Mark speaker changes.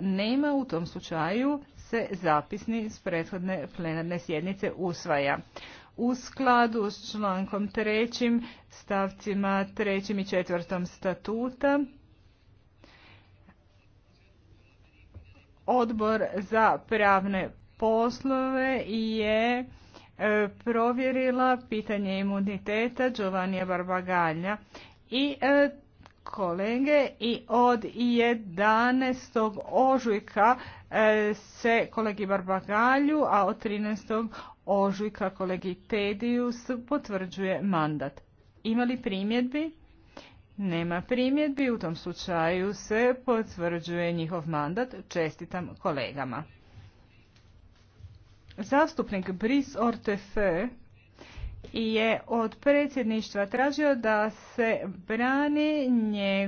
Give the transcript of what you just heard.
Speaker 1: nema u tom slučaju se zapisni s prethodne plenarne sjednice usvaja. U skladu s člankom trećim stavcima trećim i četvrtom statuta Odbor za pravne poslove je e, provjerila pitanje imuniteta Giovanija Barbagalja i e, kolege i od 11. ožujka e, se kolegi Barbagalju, a od 13. ožujka kolegi Tedius potvrđuje mandat. Ima li primjedbi? Nema primjedbi, u tom slučaju se potvrđuje njihov mandat. Čestitam kolegama. Zastupnik Bris Ortefe je od predsjedništva tražio da se
Speaker 2: brani njegov